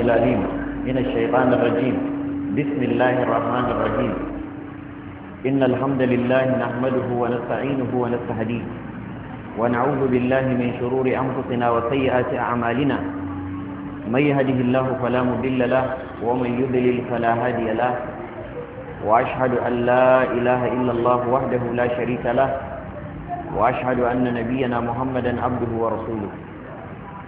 العليم من الشيطان الرجيم بسم الله الرحمن الرحيم إن الحمد لله نحمده ونستعينه ونستهديه ونعوذ بالله من شرور أنفسنا وسيئات أعمالنا من يهده الله فلا مضل له ومن يضلل فلا هادي له وأشهد أن لا إله إلا الله وحده لا شريك له وأشهد أن نبينا محمدا عبده ورسوله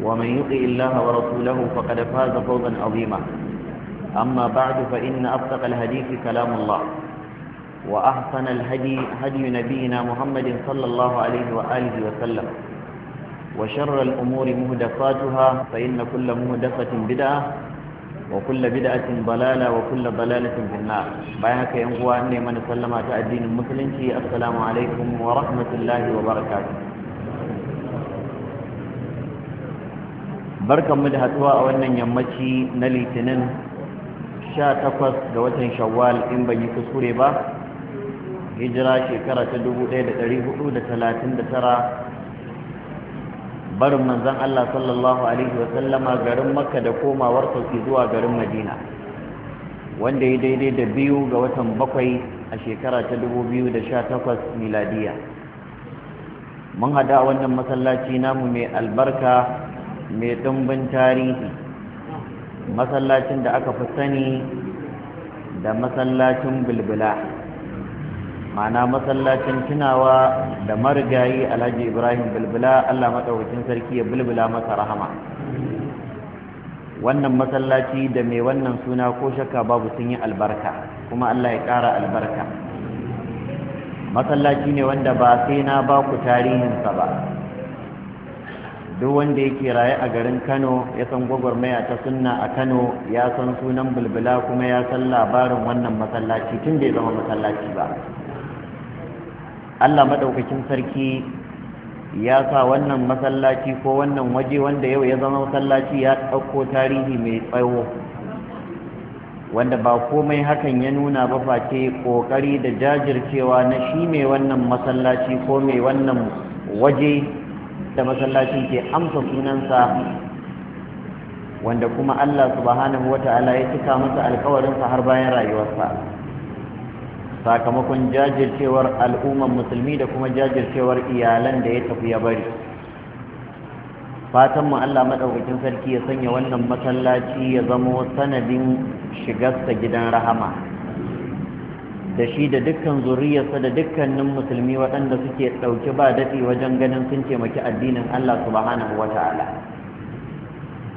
ومن يطع الله ورسوله فقد فاز فوزا عظيما أما بعد فإن أصدق الحديث كلام الله وأحسن الهدي هدي نبينا محمد صلى الله عليه وآله وسلم وشر الأمور مهدفاتها فإن كل مهدفة بدعة وكل بدعة ضلالة وكل ضلالة في النار بايهك ينقوى أني من سلم الدين المسلم السلام عليكم ورحمة الله وبركاته mu da haduwa a wannan yammaci na litinin 18 ga watan shawwal in ban yi kuskure ba hijira shekara ta 1439 barin manzan Allah sallallahu alaihi wasallama garin makka da komawar sauki zuwa garin madina wanda ya daidai da biyu ga watan bakwai a shekara ta 2018 miladiya mun hada wannan masallaci namu mai albarka mai ɗumbin tarihi masallacin da aka fi sani da masallacin bulbula ma'ana masallacin tunawa da marigayi alhaji ibrahim bulbula allah maɗaukacin sarki ya bulbula masa rahama wannan masallaci da mai wannan suna ko shakka babu sun yi albarka kuma allah ya ƙara albarka masallaci ne wanda ba sai na ba ku tarihinsa ba duk wanda yake raye a garin kano ya san gwagwarmaya ta sunna a kano ya san sunan bulbula kuma ya san labarin wannan masallaci tun bai zama masallaci ba allah maɗaukakin sarki ya sa wannan masallaci ko wannan waje wanda yau ya zama masallaci ya ɗauko tarihi mai tsawo wanda ba komai hakan ya nuna ba face ƙoƙari da jajircewa na shi mai wannan masallaci ko mai wannan waje da masallacin ke amsa sunansa wanda kuma Allah subhanahu wa ta'ala ya cika masa alkawarinsa har bayan rayuwarsa sakamakon jajircewar al'umman musulmi da kuma jajircewar iyalan da ya tafi ya bari Fatanmu Allah madaukakin sarki ya sanya wannan masallaci ya zamo sanadin shigarsa gidan rahama da shi da dukkan zuriyarsa da dukkanin musulmi waɗanda suke ɗauki ba daɗi wajen ganin sun taimaki addinin Allah subhanahu wa ta'ala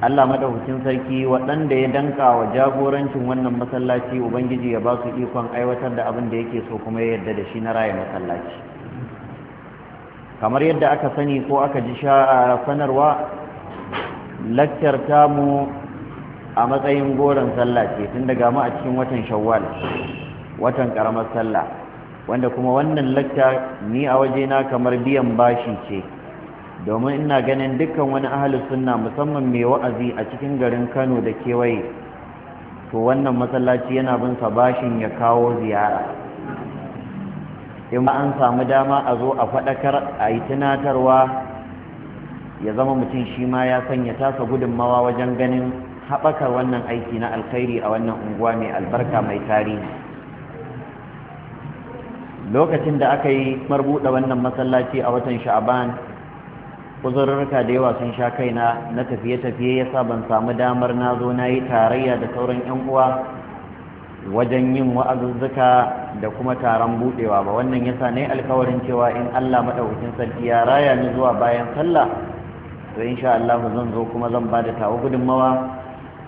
Allah madaukakin sarki waɗanda ya danka wa jagorancin wannan masallaci ubangiji ya ba su ikon aiwatar da abin da yake so kuma ya yarda da shi na raya masallaci kamar yadda aka sani ko aka ji sanarwa lakcar tamu a matsayin goron sallah ce tun daga mu a cikin watan shawwal watan karamar sallah wanda kuma wannan lakta ni a wajena kamar biyan bashi ce domin ina ganin dukkan wani ahalus sunna musamman mai wa'azi a cikin garin kano da kewaye to wannan masallaci yana bin sa bashin ya kawo ziyara in ba an samu dama a zo a faɗakar a yi tunatarwa ya zama mutum shi ma ya sanya tasa gudunmawa wajen ganin haɓakar wannan aiki na alkhairi a wannan unguwa mai albarka mai tarihi lokacin da aka yi marbuɗa wannan masallaci a watan sha'aban uzurruka da yawa sun sha kaina na tafiye-tafiye ya sa ban samu damar na zo na yi tarayya da sauran 'yan uwa wajen yin wa'azuzzuka da kuma taron buɗewa ba wannan ya sa na yi alkawarin cewa in allah maɗaukakin sarki ya raya ni zuwa bayan sallah to insha allahu zan zo kuma zan ba da tawa gudunmawa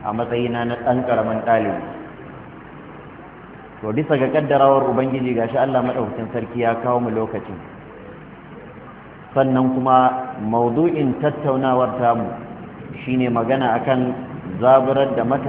a matsayina na ɗan ƙaramin ɗalibi to bisa ga kaddarawar ubangiji gashi Allah madaukakin sarki ya kawo mu lokacin sannan kuma mawdu'in tattaunawar tamu shine magana akan zaburar da